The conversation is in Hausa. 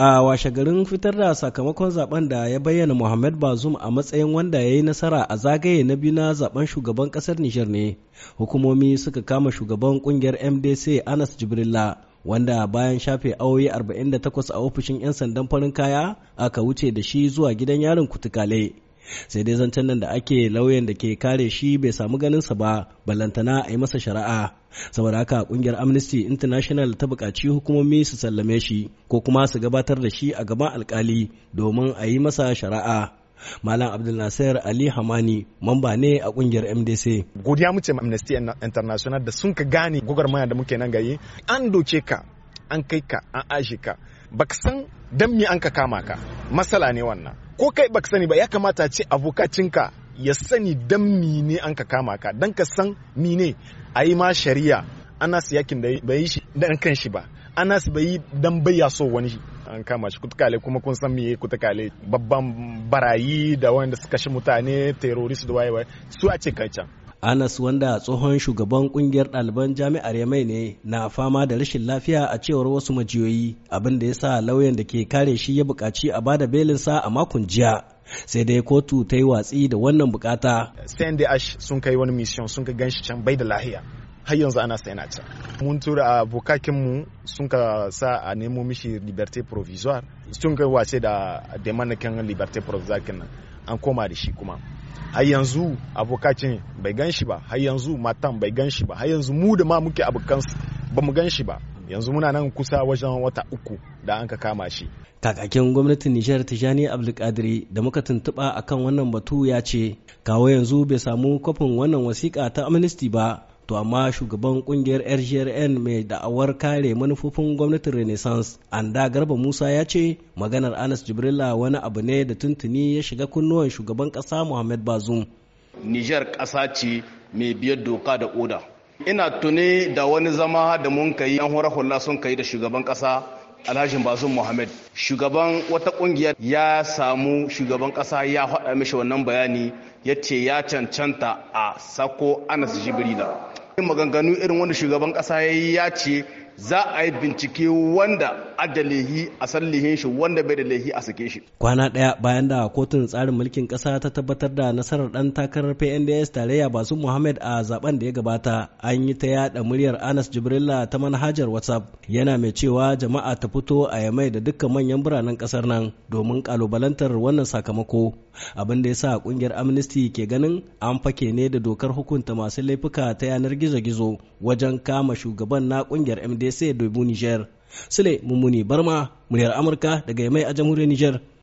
a washe garin fitar da sakamakon zaben da ya bayyana Muhammad Bazum a matsayin wanda ya yi nasara a zagaye na biyu na zaben shugaban kasar Nijar ne hukumomi suka kama shugaban kungiyar MDC Anas Jibrilla wanda bayan shafe awoyi 48 a ofishin 'yan sandan farin kaya aka wuce da shi zuwa gidan yarin kutukale sai dai zancen nan da ake lauyan da ke kare shi bai samu ganin sa ba ballantana a yi masa shari'a saboda haka kungiyar amnesty international ta buƙaci hukumomi su sallame shi ko kuma su gabatar da shi a gaban alkali domin a yi masa shari'a Malam Abdul Nasir Ali Hamani mamba ne a kungiyar MDC. Godiya muce Amnesty International da sun ka gane gwagwarmaya da muke nan gayi an doke ka an kai ka an ashe ka baka san dan me an ka kama ka matsala ne wannan ko kai baka sani ba ya kamata ce abokacinka ya sani dan mine an ka kama ka dan ka san mine a yi ma shari'a anas yakin da bai shi dan kan shi ba anas bai dan bayya so wani an kama shi kutukale kuma kun san meye kutukale babban barayi da wanda suka shi mutane terrorist da waye waye su a ce kai can Anas wanda tsohon shugaban kungiyar ɗaliban jami'ar Yamai ne na fama da rashin lafiya a cewar wasu majiyoyi abin da ya sa lauyan da ke kare shi ya buƙaci a bada belinsa a makon jiya. sai dai kotu ta yi watsi da wannan bukata. Ash sun kai wani mission sun ka ganshi can bai da lahiya har yanzu ana sayan can mun tura mu sun ka sa a nemo mishi liberté provisoire sun ka wace da demanakin liberté provisoire kenan an koma da shi kuma har yanzu abokakin bai gan shi ba har yanzu matan bai gan shi ba har yanzu mu da ma muke abokan ba mu gan shi ba yanzu muna nan kusa wajen wata uku da an ka kama shi kakakin gwamnatin nijar tijani abdulkadiri da muka tuntuba akan wannan batu ya ce kawo yanzu bai samu kwafin wannan wasiƙa ta amnesty ba to amma shugaban kungiyar rgrn mai da'awar kare manufofin gwamnatin renaissance anda garba musa ya ce maganar anas jibrila wani abu ne da tuntuni ya shiga kunnuwan shugaban kasa muhammad bazum niger kasa ce mai biyar doka da oda ina tuni da wani zama da mun kai yan hura sun kai da shugaban kasa alhaji bazum muhammad shugaban wata kungiyar ya samu shugaban kasa ya faɗa mishi wannan bayani ya ce ya cancanta a sako anas jibrila maganganu irin wanda shugaban kasa ya ce za a yi bincike wanda a san shi wanda bai da lehi a sake shi. Kwana ɗaya bayan da kotun tsarin mulkin ƙasa ta tabbatar da nasarar ɗan takarar PNDS tarayya Basu Muhammad a zaben da ya gabata an yi ta yada muryar Anas Jibrilla ta manhajar WhatsApp yana mai cewa jama'a ta fito a yamai da dukkan manyan biranen ƙasar nan domin kalubalantar wannan sakamako abin da ya sa ƙungiyar Amnesty ke ganin an fake ne da dokar hukunta masu laifuka ta yanar gizo-gizo wajen kama shugaban na ƙungiyar MDS sai ya dubi Niger. Sule Mummuni Barma, muryar Amurka daga Yamai a jamhuriyar Niger.